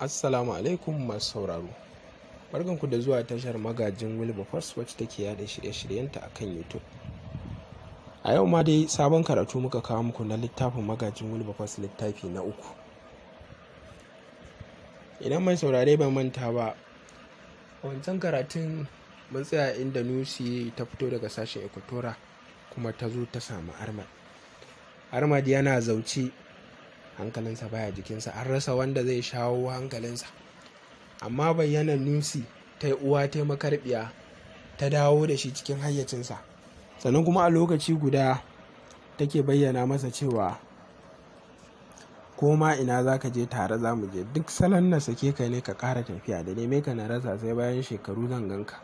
assalamu alaikum masu sauraro ku da zuwa tashar magajin wilberforce wacce take yada shirye-shiryenta a kan youtube a yau ma dai sabon karatu muka kawo muku na littafin magajin wilberforce littafi na uku idan mai saurare bai manta ba wancan karatun mun tsaya inda nusi ta fito daga sashen ekotora kuma ta zo ta samu armad armad yana zauce hankalinsa baya jikinsa an rasa wanda zai shawo hankalinsa amma bayyana nusi ta uwa ta makarbiya ta dawo da shi cikin hayyacinsa sannan kuma a lokaci guda take bayyana masa cewa koma ina za ka je tare za mu je duk salon na sake ka ne ka ƙara tafiya da neme ka na rasa sai bayan shekaru zan ka.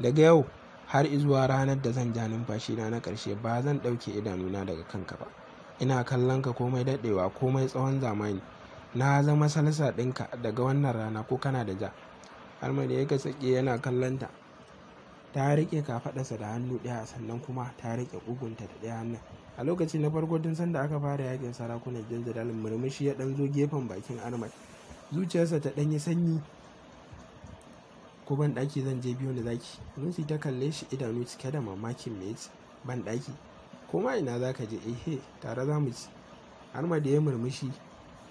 daga yau har izuwa ranar da zan ja numfashi na na ƙarshe ba zan ɗauke idanuna daga kanka ba ina kallon ka komai daɗewa komai tsawon zamani na zama salsa ɗinka daga wannan rana ko kana da ja almadi ya ka tsaki yana kallon ta ta riƙe kafaɗarsa da hannu ɗaya sannan kuma ta riƙe ƙugunta da ɗaya hannun a lokaci na farko tun sanda aka fara yakin sarakunan janjadalin murmushi ya ɗan zo gefen bakin armad zuciyarsa ta ɗanyi sanyi ko ban zan je biyu da zaki nusi ta kalle shi idanu cike da mamakin mai ban ɗaki koma ina za ka je ehe tare za mu ci har ma da ya murmushi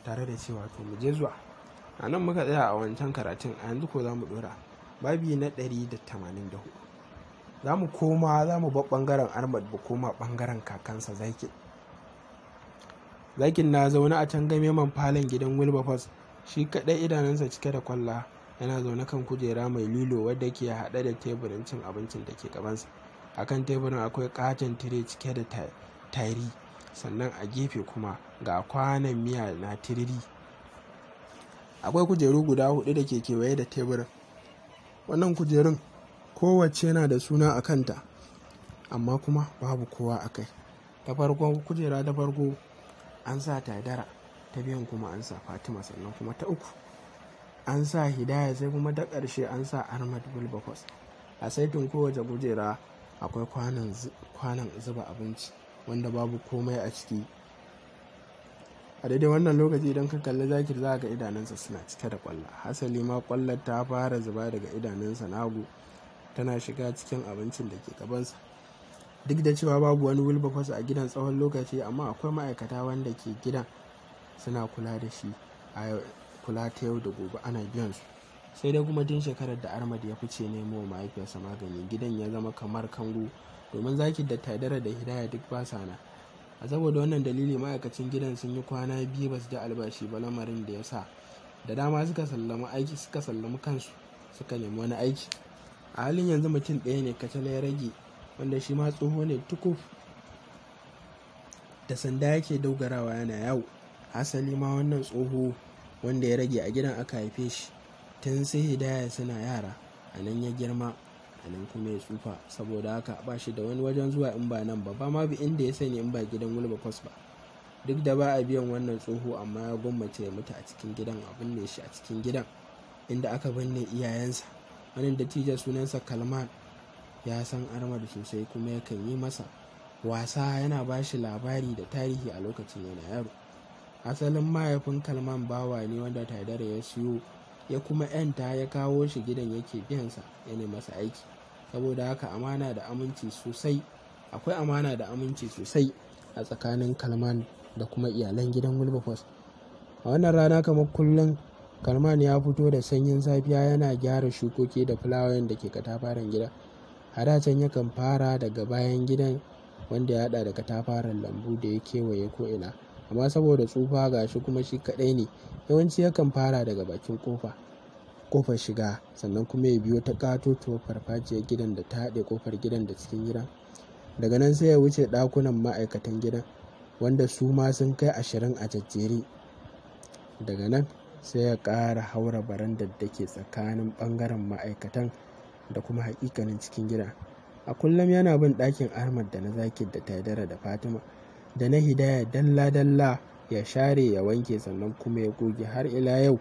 tare da cewa to mu je zuwa a nan muka tsaya a wancan karatun a yanzu ko za mu dora babi na 184 za mu koma za mu bar bangaren armad ba koma bangaren kakansa zakin zakin na zaune a can game man falon gidan wilberforce shi kadai idanunsa cike da kwalla yana zaune kan kujera mai lilo wadda ke haɗe da teburin cin abincin da ke gabansa a kan teburin akwai katon tire cike da tari sannan a gefe kuma ga kwanan miya na tiriri akwai kujeru guda hudu da ke kewaye da teburin wannan kujerun kowace na da suna a kanta amma kuma babu kowa a kai ta farko kujera ta farko an sa tadara ta biyan kuma an sa fatima sannan kuma ta uku an sa hidaya sai kuma ta ƙarshe an sa ahmad bulbakos a saitin kowace kujera akwai kwanan zuba abinci wanda babu komai a ciki a daidai wannan lokaci idan ka kalli zakir za ga idanunsa suna cike da kwalla hasali ma kwallar ta fara zuba daga idanunsa na tana shiga cikin abincin da ke gabansa duk da cewa babu wani wilberforce a gidan tsawon lokaci amma akwai ma'aikata wanda ke gidan suna kula da shi a kula ta yau da gobe ana biyan su sai dai kuma tun shekarar da armad ya fice nemo mahaifiyarsa magani gidan ya zama kamar kango domin zaki da tadara da hidaya duk ba na a saboda wannan dalili ma'aikacin gidan sun yi kwana biyu ba su ji albashi ba lamarin da ya sa da dama suka sallama aiki suka sallama kansu suka nemi wani aiki a halin yanzu mutum ɗaya ne kacal ya rage wanda shi ma tsoho ne tukuf da sanda yake dogarawa yana yawo asali ma wannan tsoho wanda ya rage a gidan aka haife shi tun sai hidaya suna yara a nan ya girma a nan kuma ya tsufa saboda haka ba shi da wani wajen zuwa in ba nan ba ba ma bi inda ya sani in ba gidan kwas ba duk da ba a biyan wannan tsoho amma ya gwammace ya mutu a cikin gidan a binne shi a cikin gidan inda aka binne iyayensa wani dattijo sunansa kalmar ya san armar sosai kuma yakan yi masa wasa yana ba shi labari da tarihi a lokacin yana yaro asalin mahaifin kalman bawa ne wanda taidar ya siyo ya kuma yanta ya kawo shi gidan yake biyansa ya ne masa aiki saboda haka amana da aminci sosai akwai amana da aminci sosai a tsakanin kalman da kuma iyalan gidan wilberforce a wannan rana kamar kullum kalman ya fito da sanyin safiya yana gyara shukoki da fulawoyin da ke katafaren gida hadacen yakan fara daga bayan gidan wanda ya hada da katafaren lambu da ya kewaye ko'ina amma saboda tsufa ga shi kuma shi kaɗai ne yawanci yakan fara daga bakin kofa kofar shiga sannan kuma ya biyo ta katotuwar farfajiyar gidan da ta haɗe kofar gidan da cikin gidan daga nan sai ya wuce ɗakunan ma'aikatan gidan wanda su ma sun kai ashirin a jajjere daga nan sai ya ƙara haura barandar da ke tsakanin ɓangaren ma'aikatan da kuma haƙiƙanin cikin gida a kullum yana bin ɗakin ahmad da na zaki da taidara da fatima da na hidaya dalla dalla ya share ya wanke sannan kuma ya goge har ila yau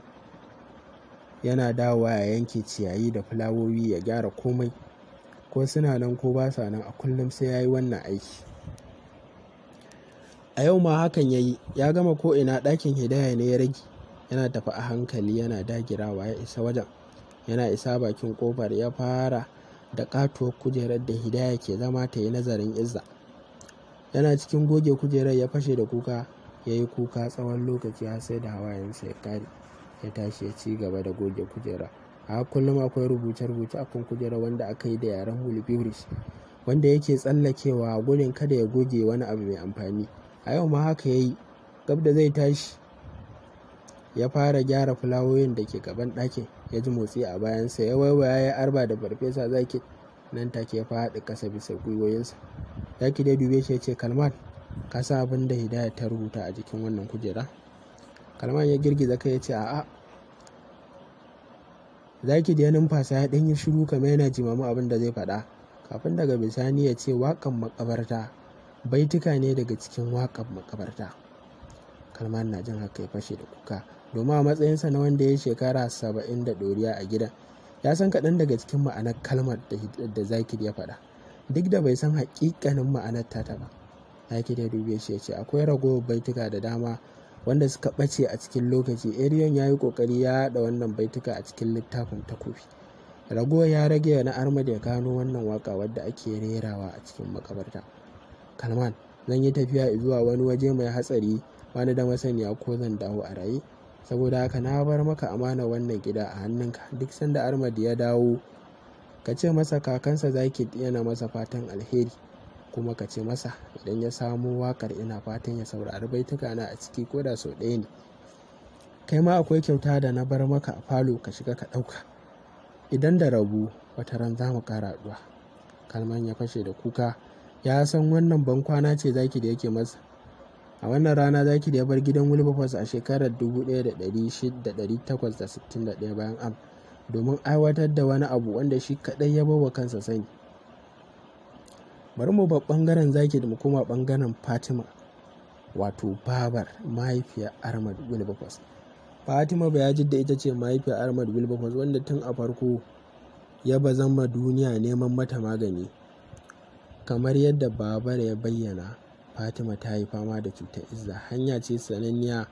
yana dawowa ya yanke ciyayi da fulawowi ya gyara komai ko suna nan ko ba sa nan a kullum sai ya yi wannan aiki a yau ma hakan ya yi ya gama ko ina ɗakin hidaya ne ya rage yana tafi a hankali yana dagirawa ya isa wajen yana isa bakin kofar ya fara da katuwar kujerar da hidaya ke zama ta yi nazarin izza yana cikin goge kujerar ya fashe da kuka ya yi kuka tsawon lokaci har sai da hawayensa ya kare ya tashi ya ci gaba da goge kujera a kullum akwai rubuce-rubuce akan kujera wanda aka yi da yaren hulibirish wanda yake tsallakewa gudun kada ya goge wani abu mai amfani a yau ma haka ya yi gab da zai tashi ya fara gyara fulawoyin da ke gaban ɗakin ya ji motsi a bayansa ya waiwaya ya arba da farfesa zaki nan take ya faɗi ƙasa bisa gwiwoyinsa zaki dai dube shi ya ce kalmar. ka sa abin da hidaya ta rubuta a jikin wannan kujera kalmar ya girgiza kai ya ce a'a zaki da ya numfasa ya ɗanyi shiru kamar yana jimamu abin da zai faɗa kafin daga bisani ya ce waƙan makabarta baituka ne daga cikin waƙan makabarta kalmar na jin haka ya fashe da kuka domin a matsayinsa na wanda ya shekara saba'in da doriya a gidan ya san kaɗan daga cikin ma'anar kalmar da zakir ya faɗa duk da bai san hakikanin ma'anar ta ba ɗakin ya dubiya shi ya ce akwai ragowar baituka da dama wanda suka ɓace a cikin lokaci ariyon ya yi kokari ya haɗa wannan baituka a cikin littafin takofi Rago ya rage na Ahmad ya gano wannan waka wadda ake rerawa a cikin makabarta kalman zan yi tafiya zuwa wani waje mai hatsari wani da masaniya ko zan dawo a raye saboda haka na bar maka amana wannan gida a hannunka duk sanda armadi ya dawo ka ce masa kakansa zaki yana masa fatan alheri kuma ka ce masa idan ya samo wakar ina fatan ya saurari baituka na a ciki ko da sau ɗaya ne kai ma akwai kyauta da na bar maka a falo ka shiga ka ɗauka idan da rabu wata ran za mu ƙara haɗuwa kalman ya fashe da kuka ya san wannan bankwana ce zaki da yake masa a wannan rana zaki da ya bar gidan wilberforce a shekarar 1861 bayan amma domin aiwatar da wani abu wanda shi kaɗai ya bawa kansa sani bari mu ba ɓangaren zaki da mu koma ɓangaren fatima wato babar mahaifiyar armad wilberforce fatima da ita ce mahaifiyar armad wilberforce wanda tun a farko ya ba zama duniya neman mata magani kamar yadda babar ya bayyana fatima ta yi fama da cutar izza hanya ce sananniya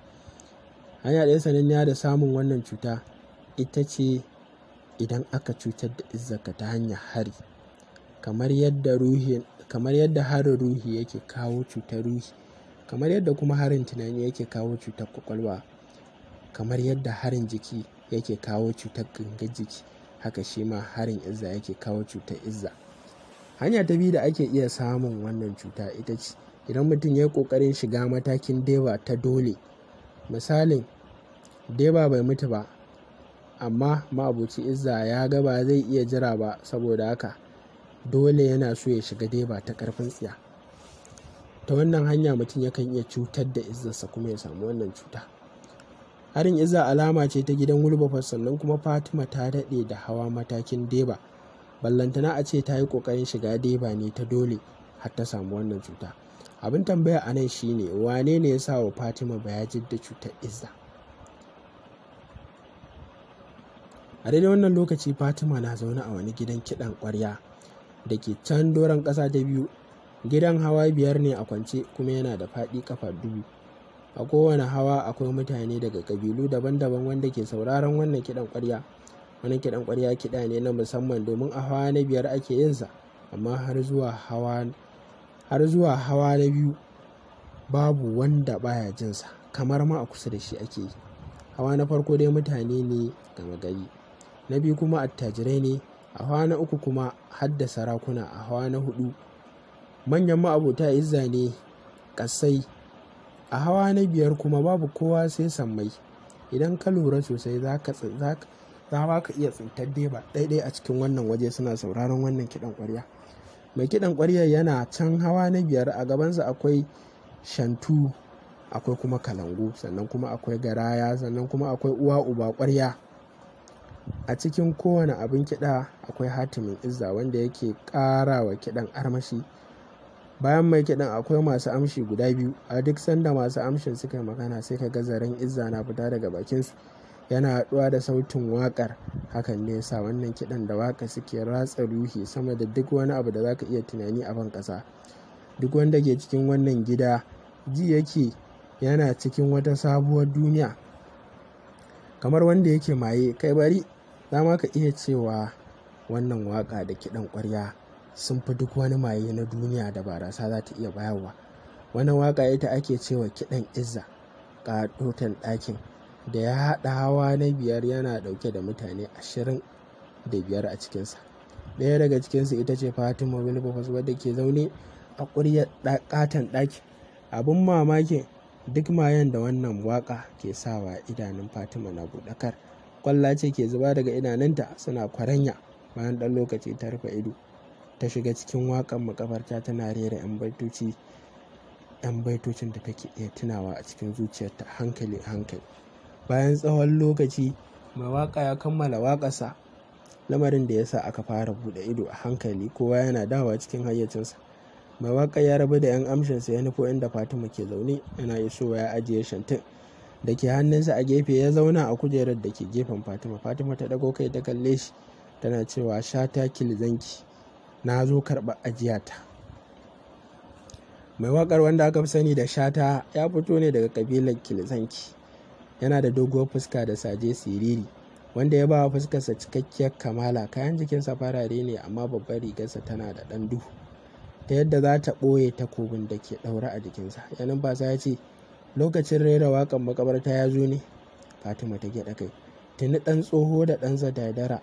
hanya ɗaya sananniya da samun wannan cuta ita ce idan aka cutar da izzaka ta hanyar hari kamar yadda ruhi kamar yadda harin ruhi yake kawo cutar ruhi kamar yadda kuma harin tunani yake kawo cutar kwakwalwa kamar yadda harin jiki yake kawo cutar gangar jiki haka shi ma harin izza yake kawo cutar izza hanya ta biyu da ake iya samun wannan cuta ita ce idan mutum ya yi ƙoƙarin shiga matakin deba ta dole misalin deba bai mutu ba amma ma'abuci izza ya ga ba zai iya jira ba saboda haka dole yana so ya shiga dai ba ta karfin tsiya ta wannan hanya mutum yakan iya cutar da izzarsa kuma ya samu wannan cuta harin izza alama ce ta gidan wulbafa sannan kuma fatima ta daɗe da hawa matakin deba ballantana a ce ta yi ƙoƙarin shiga deba ne ta dole har ta samu wannan cuta abin tambaya a nan shine wane ne ya sa wa fatima bayajin da cutar izza a daidai wannan lokaci fatima na zaune a wani gidan kiɗan ƙwarya da ke can doron ƙasa ta biyu gidan hawa biyar ne a kwance kuma yana da faɗi kafa dubu a kowane hawa akwai mutane daga ƙabilu daban-daban wanda ke sauraron wannan kiɗan ƙwarya wani kiɗan ƙwarya kiɗa ne na musamman domin a hawa na biyar ake yinsa amma har zuwa hawa har zuwa hawa na biyu babu wanda baya jinsa kamar ma a kusa da shi ake yi hawa na farko dai mutane ne gama gari na biyu kuma attajirai ne a hawa na uku kuma hadda sarakuna a hawa na hudu manyan ma'abota izza ne kasai a hawa na biyar kuma babu kowa sai sammai idan ka lura sosai za ka iya tsintar ba daidai a cikin wannan waje suna sauraron wannan kidan kwarya mai kidan kwarya yana can hawa na biyar a gabansa akwai shantu akwai kuma kalangu sannan kuma akwai garaya sannan kuma akwai uwa uba kwarya a cikin kowane abin kiɗa akwai hatimin izza wanda yake ƙara wa kiɗan armashi bayan mai kiɗan akwai masu amshi guda biyu a duk sanda masu amshin suka yi magana sai ka ga zaren izza na fita daga bakinsu yana haɗuwa da sautin waƙar hakan ne sa wannan kiɗan da waƙa suke ratsa ruhi sama da duk wani abu da za ka iya tunani a ban ƙasa duk wanda ke cikin wannan gida ji yake yana cikin wata sabuwar duniya kamar wanda yake maye kai bari za ma ka iya cewa wannan waƙa da kiɗan ƙwarya sun fi duk wani maye na duniya da barasa za ta iya bayarwa wani waƙa ita ake cewa kiɗan izza ƙatoton ɗakin da ya haɗa hawa na biyar yana ɗauke da mutane ashirin da biyar a cikinsa ɗaya daga cikinsu ita ce fatima wilberforce wadda ke zaune a ƙuryar ƙaton ɗaki abin mamakin duk mayen da wannan waka ke sawa idanun fatima na buɗakar kwalla ce ke zuba daga idanunta suna kwaranya bayan ɗan lokaci ta rufe ido ta shiga cikin wakan makabarta tana rera 'yan baitoci yan baitocin da take iya tunawa a cikin zuciyarta hankali hankali bayan tsawon lokaci mai waka ya kammala waƙarsa lamarin da yasa aka fara buɗe ido a hankali kowa yana dawa cikin hayyacinsa Bawaka ya rabu da 'yan amshinsa ya nufo inda Fatima ke zaune yana isowa ya ajiye shantin da ke hannunsa a gefe ya zauna a kujerar da ke gefen Fatima. Fatima ta dago kai ta kalle shi tana cewa sha ta kilizanki na zo karɓar ajiyata. Mai waƙar wanda aka fi sani da shata ya fito ne daga kabilar Kilzanki, yana da doguwar fuska da saje siriri wanda ya ba wa fuskarsa cikakkiyar kamala kayan jikinsa farare ne amma babbar rigarsa tana da ɗan duhu da yadda za ta ɓoye takobin da ke ɗaure a jikinsa ya numfasa ya ce lokacin rera waƙan makabarta ya zo ne fatima ta gyaɗa kai tuni ɗan tsoho da ɗansa daidara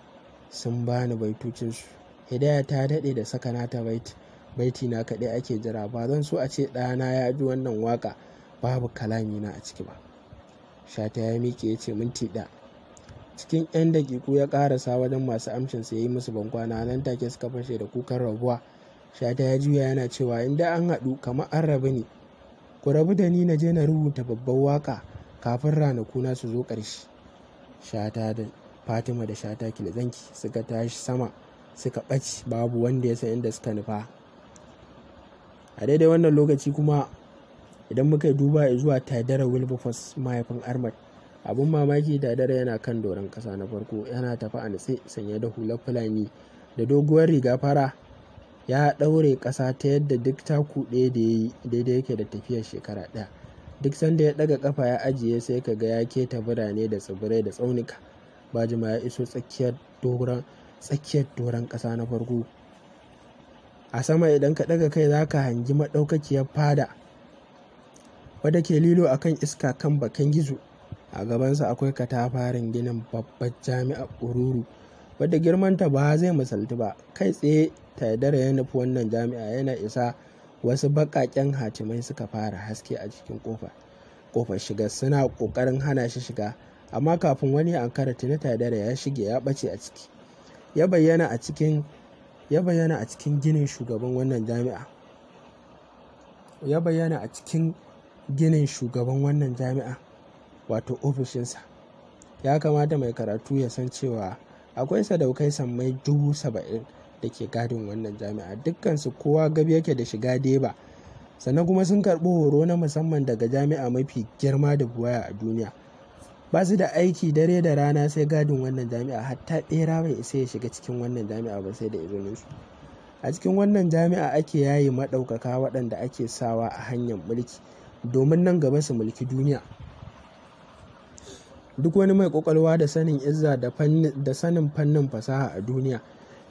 sun bani baitocinsu hidaya ta daɗe da saka nata baiti baiti na kaɗai ake jira ba zan so a ce ɗana ya ji wannan waƙa babu kalami na a ciki ba shata ya miƙe ya ce minti ɗaya cikin 'yan dakiku ya ƙarasa wajen masu amshinsa ya yi musu bankwana nan take suka fashe da kukan rabuwa shata ya juya yana cewa inda an haɗu kamar an rabu ne ku rabu da ni na je na rubuta babban waka kafin ranakuna su zo ƙarshe shata da fatima da shata kilizanki suka tashi sama suka ɓaci babu wanda ya san inda suka nufa a daidai wannan lokaci kuma idan muka yi duba zuwa tadara wilberforce mahaifin armad abin mamaki tadara yana kan doron ƙasa na farko yana tafi a nutse sanye da hular fulani da doguwar riga fara ya ɗaure ƙasa ta yadda duk taku ɗaya da ya yi daidai yake da tafiyar shekara ɗaya duk sanda ya ɗaga ƙafa ya ajiye sai ka ga ya keta birane da tsibirai da tsaunuka bajima ya iso tsakiyar doron tsakiyar doron ƙasa na farko a sama idan ka ɗaga kai za ka hangi maɗaukakiyar fada wadda ke lilo a kan iska kan bakan gizo a gabansa akwai katafarin ginin babbar jami'ar ururu wadda girmanta ba zai misaltu ba kai tsaye Taidara ya nufi wannan jami'a yana isa wasu baƙaƙen hatimai suka fara haske a cikin ƙofar. Ƙofar shiga suna ƙoƙarin hana shi shiga, amma kafin wani kara tuni Taidara ya shige ya ɓace a ciki. Ya bayyana a cikin ya bayyana a cikin ginin shugaban wannan jami'a. Ya bayyana a cikin ginin shugaban wannan jami'a wato ofishinsa. Ya kamata mai karatu ya san cewa akwai sadaukai sammai dubu saba'in da ke gadin wannan jami'a dukkansu kowa gabi yake da shiga deba sannan kuma sun karɓi horo na musamman daga jami'a mafi girma da buwaya a duniya ba su da aiki dare da rana sai gadin wannan jami'a hatta ɓera bai isa ya shiga cikin wannan jami'a ba sai da izinin su a cikin wannan jami'a ake yaye maɗaukaka waɗanda ake sawa a hanyar mulki domin nan gaba su mulki duniya duk wani mai ƙwaƙwalwa da sanin izza da sanin fannin fasaha a duniya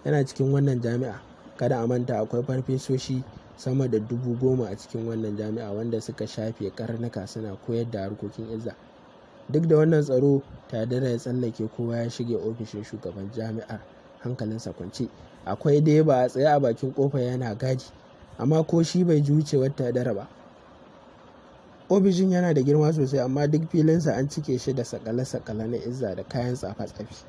yana cikin wannan jami'a kada a manta akwai farfesoshi sama da dubu goma a cikin wannan jami'a wanda suka shafe karnuka suna koyar da harkokin izza duk da wannan tsaro tadara ya tsallake kowa ya shige ofishin shugaban jami'ar hankalinsa kwance akwai dai ba a tsaye a bakin kofa yana gadi, amma ko shi bai ji wucewar tadara ba ofishin yana da girma sosai amma duk filinsa an cike shi da sakale-sakale na izza da kayan tsafa-tsafi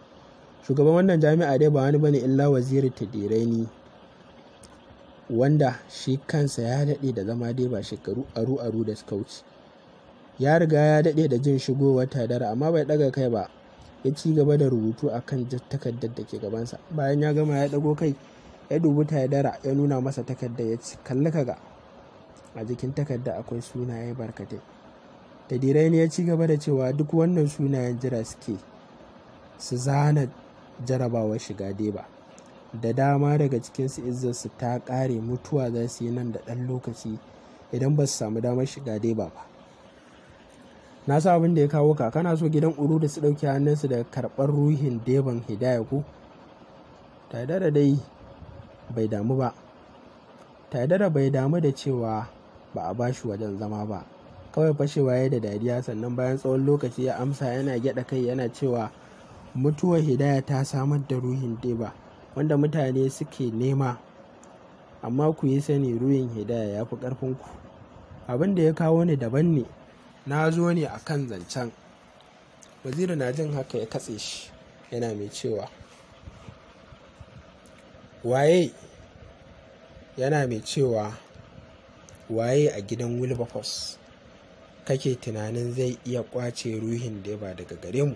shugaban wannan jami'a dai ba wani bane illa waziri tadiraini wanda shi kansa ya daɗe da zama dai ba shekaru aru aru da suka wuce ya riga ya daɗe da jin shigowar tadara amma bai ɗaga kai ba ya ci gaba da rubutu a kan takardar da ke gabansa bayan ya gama ya ɗago kai ya dubi tadara ya nuna masa takardar ya ci kalli kaga a jikin takardar akwai sunaye barkatai ne ya ci gaba da cewa duk wannan sunayen jira suke su zana jarabawar shiga deba da dama daga cikin cikinsu su ta ƙare mutuwa za su yi nan da ɗan lokaci idan ba su samu damar shiga deba ba na sa abin da ya kawo ka kana so gidan uru da su ɗauki hannunsu daga karɓar ruhin deban hidaya ko tare da dai bai damu ba tare da bai damu da cewa ba a bashi wajen zama ba kawai fashewa ya da dariya sannan bayan tsawon lokaci ya amsa yana gyada kai yana cewa mutuwar hidaya ta samar da ruhin deba wanda mutane suke nema amma ku yi sani ruhin hidaya ya fi ƙarfinku abin da ya kawo ni daban ne na zo ne a kan zancen waziri na jin haka ya katse shi yana mai cewa waye yana mai cewa waye a gidan wilberforce kake tunanin zai iya kwace ruhin deba daga gare mu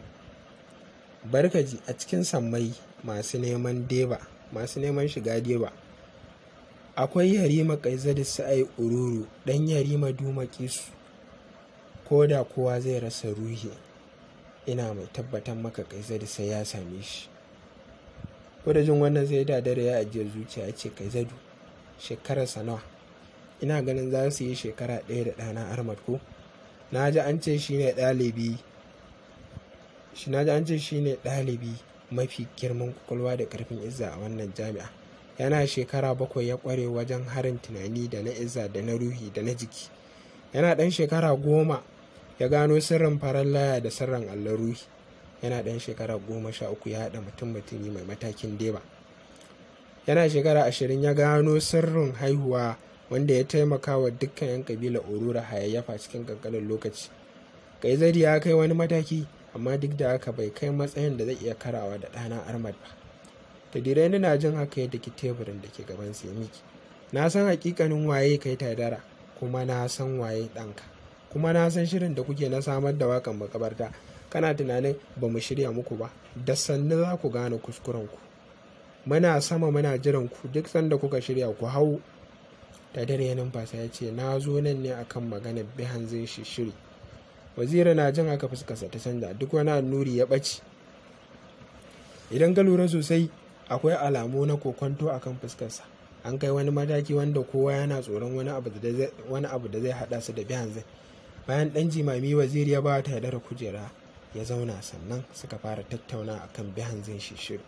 Barkaji, a cikin sammai masu neman deba masu neman shiga deba akwai yarima kaizadi sa'ai ururu dan yarima duma kisu ko da kowa zai rasa ruhi ina mai tabbatar maka kaizadi sai ya same shi ko wannan zai da dare ya ajiye zuciya ce kaizadu shekararsa nawa ina ganin za su yi shekara ɗaya da ɗana armad ko na ji an ce shine ɗalibi shi na an shi ne ɗalibi mafi girman kwakwalwa da ƙarfin izza a wannan jami'a yana shekara bakwai ya ƙware wajen harin tunani da na izza da na ruhi da na jiki yana ɗan shekara goma ya gano sirrin farar laya da sirrin allon ruhi yana ɗan shekara goma sha uku ya haɗa mutum mutumi mai matakin deba yana shekara ashirin ya gano sirrin haihuwa wanda ya taimaka wa dukkan 'yan kabila orura hayayyafa cikin kankanin lokaci kaizari ya kai wani mataki amma duk da haka bai kai matsayin da zai iya karawa da ɗana armad ba da dirai na jin haka ya daki teburin da ke gaban sa miki na san hakikanin waye kai taidara kuma na san waye ɗanka kuma na san shirin da kuke na samar da wakan makabarta kana tunanin ba mu shirya muku ba da sannu za ku gane kuskurenku muna sama muna jiran ku duk sanda kuka shirya ku hau da dare numfasa ya ce na zo nan ne akan maganar bihan zai shi shiri wazira na jin haka fuskarsa ta canza duk wani annuri ya ɓace idan ka lura sosai akwai alamu na kokonto a kan fuskarsa an kai wani mataki wanda kowa yana tsoron wani abu da zai haɗa su da bihan zai bayan ɗan jimami waziri ya ba ta yadda kujera ya zauna sannan suka fara tattauna a kan bihan zai shiru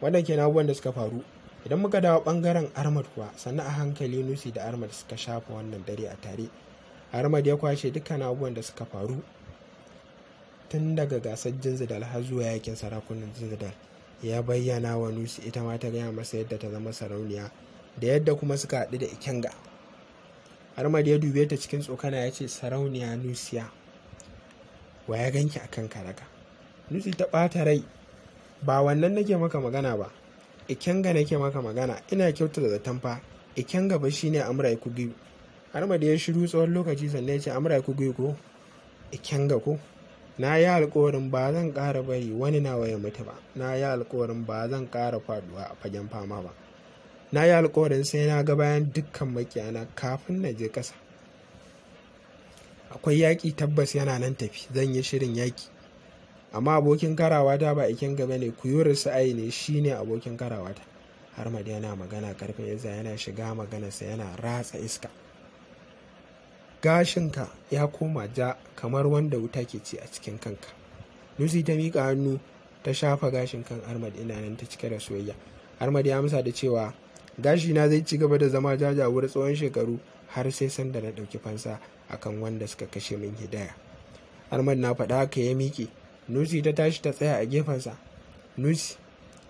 wannan ke abubuwan da suka faru idan muka dawo bangaren armad kuwa sannan a hankali nusi da armad suka shafa wannan dare a tare Ahmad ya kwashe dukkan abubuwan da suka faru tun daga gasar jinzidal har zuwa yakin sarakunan jinzidal ya bayyana wa nusi ita ma ta gaya masa yadda ta zama sarauniya da yadda kuma suka haɗu da ikenga Ahmad ya dube ta cikin tsokana ya ce sarauniya nusiya wa ya ganki kan karaka nusi ta ɓata rai ba wannan nake maka magana ba ikenga nake maka magana ina kyautata zaton fa ikenga ba shine amurai ku biyu ma da ya shiru tsawon lokaci sannan ya ce amra ku ko ikenga ko na yi alkawarin ba zan kara bari wani nawa ya mutu ba na yi alkawarin ba zan kara faduwa a fagen fama ba na yi alkawarin sai na ga bayan dukkan makiyana kafin na je ƙasa akwai yaƙi tabbas yana nan tafi zan yi shirin yaki amma abokin karawata ba ikin gaba ne kuyurin sa'ayi ne shine abokin karawata har yana magana karfin yasa yana shiga maganarsa yana ratsa iska gashinka ya koma ja kamar wanda wuta ke ci a cikin kanka lucy ta miƙa hannu ta shafa gashin kan armad ina nan ta cike da soyayya armad ya amsa da cewa gashi na zai ci gaba da zama jajawar tsawon shekaru har sai sanda na ɗauki fansa akan wanda suka kashe min hidaya armad na faɗa haka ya miƙe nusi ta tashi ta tsaya a gefensa nusi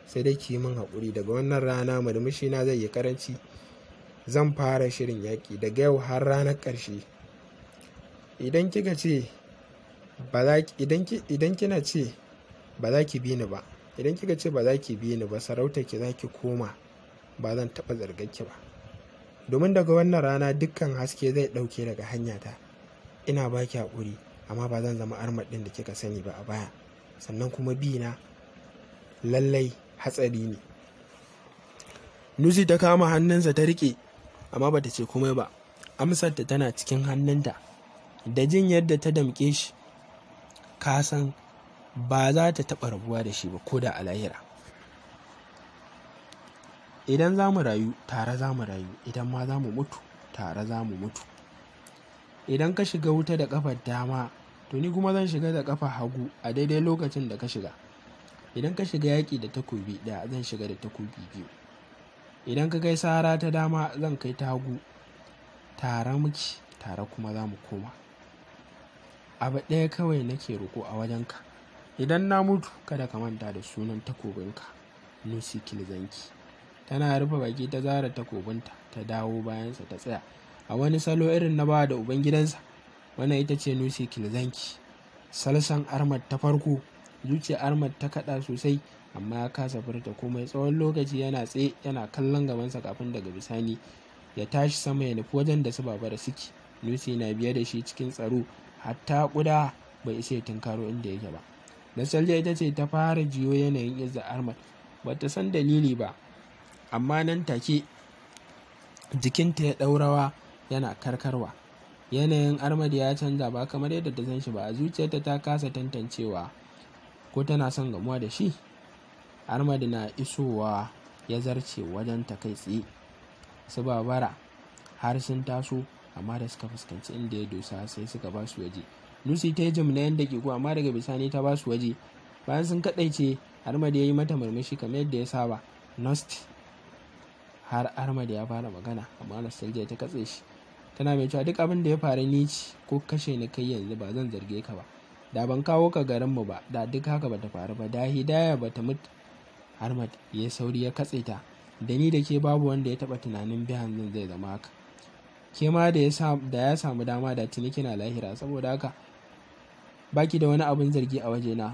sai dai ki min haƙuri daga wannan rana murmushi na zai yi karanci zan fara shirin yaƙi daga yau har ranar ƙarshe idan kika ce ba za idan idan kina ce ba za ki bi ba idan kika ce ba za ki bi ba sarauta ki za ki koma ba zan taɓa zargar ki ba domin daga wannan rana dukkan haske zai ɗauke daga hanyata ina ba ki haƙuri amma ba zan zama armar ɗin da kika sani ba a baya sannan kuma bi na lallai hatsari ne nuzi ta kama hannunsa ta riƙe amma bata ce komai ba amsarta tana cikin hannunta da jin yadda ta damƙe shi ka san ba za ta taɓa rabuwa da shi ba ko da a lahira idan za mu rayu tare za mu rayu idan ma za mu mutu tare za mu mutu idan ka shiga wuta da ƙafar dama to ni kuma zan shiga da ƙafa hagu a daidai lokacin da ka shiga idan ka shiga yaƙi da takobi ɗaya zan shiga da takobi biyu idan ka kai sara ta dama zan kai ta hagu tare muke tare kuma za mu koma abu ɗaya kawai nake roƙo a wajenka idan na mutu kada ka manta da sunan takobinka nusi kilzanki tana rufe baki ta zara takobinta ta dawo bayansa ta tsaya a wani salo irin na ba da ubangidansa wani ita ce nusi kilzanki salsan armar ta farko zuciyar armar ta kada sosai amma ya kasa furta komai tsawon lokaci yana tsaye yana kallon gabansa kafin daga bisani ya tashi sama ya nufi wajen da su babara suke nusi na biye da shi cikin tsaro hatta kuda bai isa ya tunkaro inda yake ba nasalja ita ce ta fara jiyo yanayin izza ahmad bata san dalili ba amma nan take jikinta ya ɗaurawa yana karkarwa yanayin armad ya canza ba kamar yadda ta san shi ba a zuciyarta ta kasa tantancewa ko tana son gamuwa da shi armad na isowa ya zarce wajen ta kai tsaye su babara har sun taso amma da suka fuskanci inda ya dosa sai suka ba su waje lucy ta yi ke dakiku amma daga bisani ta ba su waje bayan sun kadaice armad ya yi mata murmushi kamar yadda ya saba nost har armad ya fara magana amma nostalgia ta katse shi tana mai cewa duk abin da ya faru ni ci ko kashe ni kai yanzu ba zan zarge ka ba da ban kawo ka garin mu ba da duk haka bata faru ba da hidaya bata mutu armad ya sauri ya katse ta da ni da ke babu wanda ya taba tunanin biyan zan zai zama haka ke ma da ya samu dama da tuni kina lahira saboda haka baki da wani abin zargi a wajena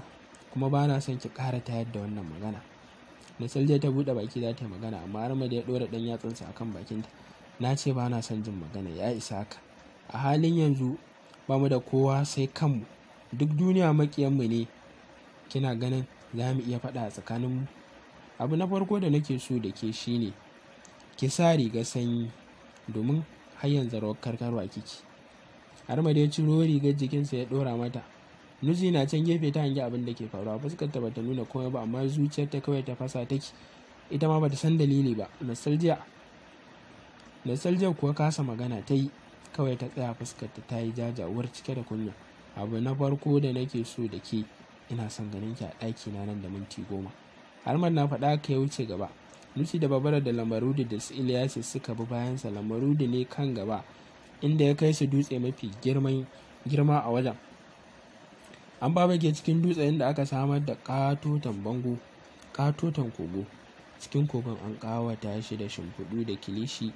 kuma ba na son ki ƙara tayar da wannan magana nasalja ta buɗe baki za ta yi magana amma arma da ya ɗora ɗan yatsunsa akan bakinta na ce ba na son jin magana ya isa ka a halin yanzu ba mu da kowa sai kanmu duk duniya maƙiyanmu ne kina ganin za mu iya faɗa a tsakaninmu abu na farko da nake so da ke shine ki sa riga sanyi domin har yanzu rawar karkarwa kiki harma ya ciro rigar jikinsa ya ɗora mata nuzi na can gefe ta hangi abin da ke faruwa fuskar bata nuna komai ba amma zuciyar ta kawai ta fasa take ita ma bata san dalili ba nostalgia nostalgia kuwa kasa magana ta yi kawai ta tsaya fuskar ta ta yi jajawar cike da kunya abu na farko da nake so da ke ina son ganin ki a ɗaki na nan da minti goma harmar na faɗa ka ya wuce gaba lucy da babara da lamarudu da su iliyasi suka bi bayansa lamarudu ne kan gaba inda ya kai su dutse mafi girma a wajen an babage cikin dutsen da aka samar da katotan bango katotan kogo cikin kogon an kawata shi da shimfiɗu da kilishi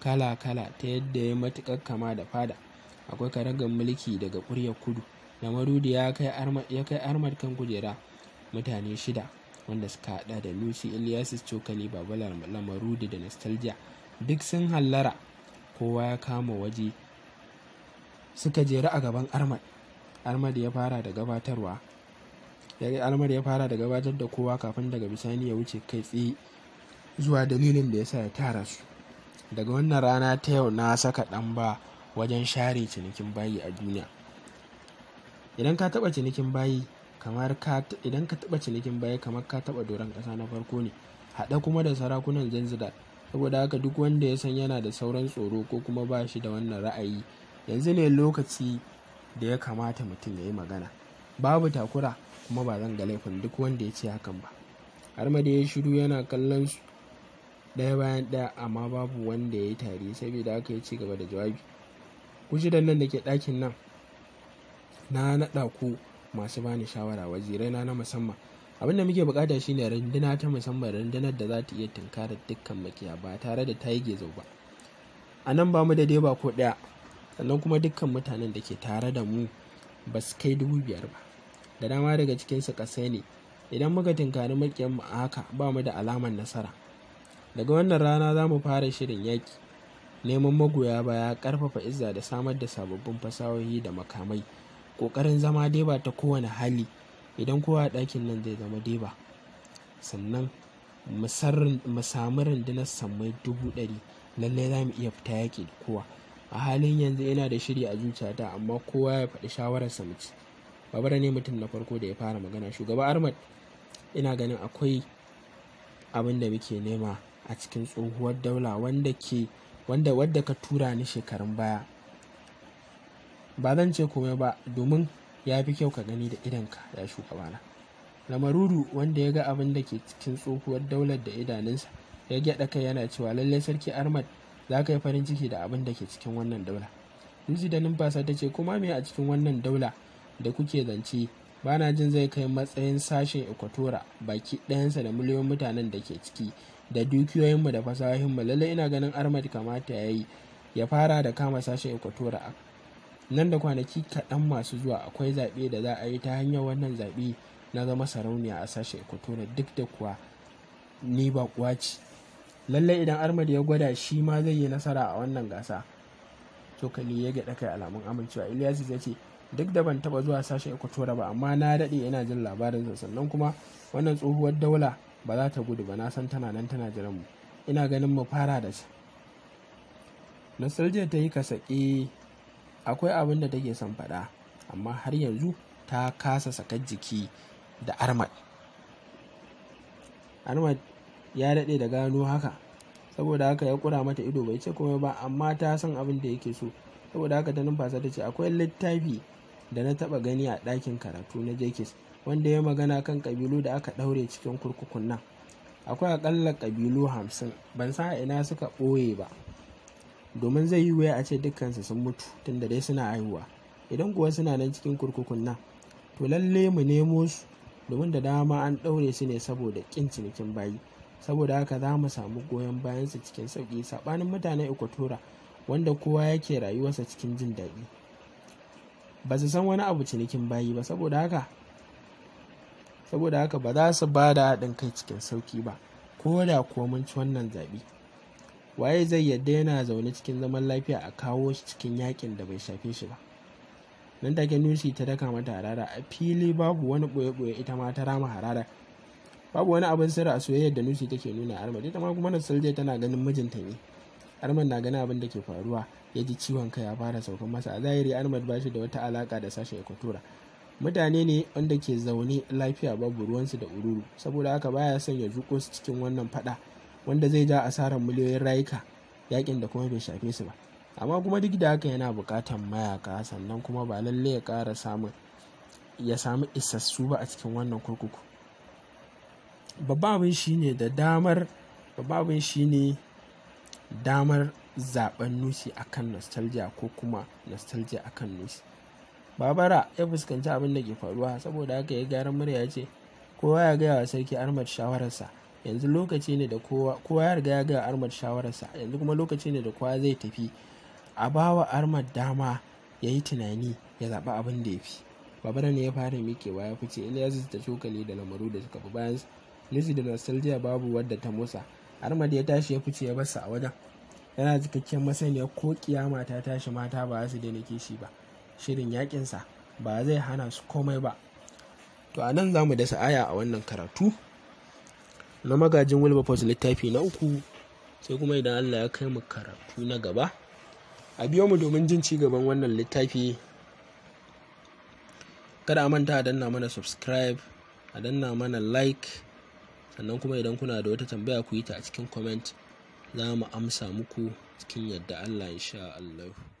kala-kala ta yadda ya matuƙar kama da fada akwai karagar mulki daga ƙuryar kudu lamarudi ya kai armar kan kujera mutane shida wanda suka hada da lucy iliasis cokali babalar lamarudi da nostalgia duk sun hallara kowa ya kama waje suka jera a gaban armad armad ya fara da gabatarwa armad ya fara da gabatar da kowa kafin daga bisani ya wuce kai tsaye zuwa dalilin da ya sa ya tara su daga wannan rana ta yau na saka ɗanba ba wajen share cinikin bayi a duniya idan ka taɓa cinikin bayi kamar ka idan ka taɓa cinikin baya kamar ka taɓa doron ƙasa na farko ne haɗa kuma da sarakunan zanzibar saboda haka duk wanda ya san yana da sauran tsoro ko kuma ba shi da wannan ra'ayi yanzu ne lokaci da ya kamata mutum ya yi magana babu takura kuma ba zan ga laifin duk wanda ya ce hakan ba har ma da ya shiru yana kallon su ɗaya bayan ɗaya amma babu wanda ya yi tari saboda haka ya ci gaba da jawabi Ku da nan da ke ɗakin nan na naɗa ku masu bani shawara wazirai na musamman abin da muke bukata shine runduna ta musamman rundunar da za ta iya tunkarar dukkan makiya ba tare da ta yi gezo ba a nan ba mu da dai ba ko ɗaya sannan kuma dukkan mutanen da ke tare da mu ba su kai dubu biyar ba da dama daga cikin su kasa ne idan muka tunkari mu a haka ba mu da alamar nasara daga wannan rana za mu fara shirin yaki neman magoya baya ƙarfafa izza da samar da sababbin fasahohi da makamai ƙoƙarin zama deba ta kowane hali idan kowa a ɗakin nan zai zama deba sannan mu samu rundunar samai dubu ɗari lallai za mu iya fita yaƙi da kowa a halin yanzu yana da shiri a zuciyata amma kowa ya faɗi shawararsa mu ci babara ne mutum na farko da ya fara magana shugaba ahmad ina ganin akwai abin da muke nema a cikin tsohuwar daula wanda ke wanda wadda ka tura ni shekarun baya ba zan ce komai ba domin ya fi kyau ka gani da idonka ya shuka bana. lamaruru wanda ya ga abin da ke cikin tsohuwar daular da idanunsa ya gyaɗa kai yana cewa lallai sarki ahmad za ka yi farin ciki da abin da ke cikin wannan daula nizi da numfasa ta ce kuma me a cikin wannan daula da kuke zance ba na jin zai kai matsayin sashen ekwatora baki ɗayansa da miliyoyin mutanen da ke ciki da dukiyoyinmu da fasahohinmu lallai ina ganin armad kamata ya yi ya fara da kama sashen ekwatora nan da kwanaki kaɗan masu zuwa akwai zaɓe da za a yi ta hanyar wannan zaɓe na zama sarauniya a sashen ekwatoriya duk da kuwa ni ba kuwa ce lallai idan armad ya gwada shi ma zai yi nasara a wannan gasa cokali ya gaɗa kai alamun amincewa ilyas ya ce duk da ban taɓa zuwa sashen ekwatoriya ba amma na daɗe ina jin labarinsa sannan kuma wannan tsohuwar daula ba za ta gudu ba na san tana nan tana jiran mu ina ganin mu fara da sa nasarjiya ta yi ka kasaƙe akwai abin da take son faɗa amma har yanzu ta kasa sakar jiki da armad armad ya daɗe da gano haka saboda haka ya kura mata ido bai ce komai ba amma ta san abin da yake so saboda haka ta numfasa ta ce akwai littafi da na taba gani a ɗakin karatu na jekis wanda ya magana kan ƙabilu da aka ɗaure cikin kurkukun nan akwai aƙalla ƙabilu hamsin ban san ina suka ɓoye ba domin zai yi wuya a ce dukkansu sun mutu tunda dai suna haihuwa idan kuwa suna nan cikin kurkukun nan to lalle mu nemo su domin da dama an ɗaure su ne saboda ƙin cinikin bayi saboda haka za mu samu goyon bayan su cikin sauƙi saɓanin mutanen ekwatora wanda kowa yake rayuwarsa cikin jin daɗi ba su san wani abu cinikin bayi ba saboda haka saboda haka ba za su ba da haɗin kai cikin sauki ba ko da kuwa mun ci wannan zaɓi waye zai yadda yana zaune cikin zaman lafiya a kawo shi cikin yakin da bai shafe shi ba nan take nusi ta daka mata harara a fili babu wani ɓoye-ɓoye ita ma ta rama harara babu wani abin sirri a soyayyar da nusi take nuna armad ita ma kuma nasalje tana ganin mijinta ne armad na ganin abin da ke faruwa ya ji ciwon kai ya fara saukan masa a zahiri armad ba shi da wata alaka da sashen ekwatora mutane ne wanda ke zaune lafiya babu ruwansu da ururu saboda haka baya son ya juko su cikin wannan fada wanda zai ja asarar miliyoyin rayuka yakin da kuma bai shafe su ba amma kuma duk da haka yana bukatan mayaka sannan kuma ba lalle ya kara samun ya samu isassu ba a cikin wannan kurkuku babban shine da damar babban shine damar zaben nusi akan nostalgia ko kuma nostalgia akan nusi babara ya fuskanci abin da ke faruwa saboda haka ya gyara murya ce kowa ya gaya wa sarki ahmad shawararsa yanzu lokaci ne da kowa ya riga ya ga armad shawararsa yanzu kuma lokaci ne da kowa zai tafi a bawa armad dama ya yi tunani ya zaɓi abin da ya fi babana ne ya fara mikewa ya fice ilyasus da cokali da lamaru da suka fi bayan nuzi da nostalgia babu wadda ta musa armad ya tashi ya fice ya barsa a wajen yana cikakken masaniya ko kiyama ta tashi mata ba su daina kishi ba shirin yakinsa ba zai hana su komai ba to a nan za dasa aya a wannan karatu na magajin wilberforce littafi na uku sai kuma idan allah ya kai mu karatu na gaba a biyo mu domin jin ci gaban wannan littafi kada a manta a danna mana subscribe a danna mana like sannan kuma idan kuna da wata tambaya ku yi ta a cikin comment za mu amsa muku cikin yadda allah sha allahu.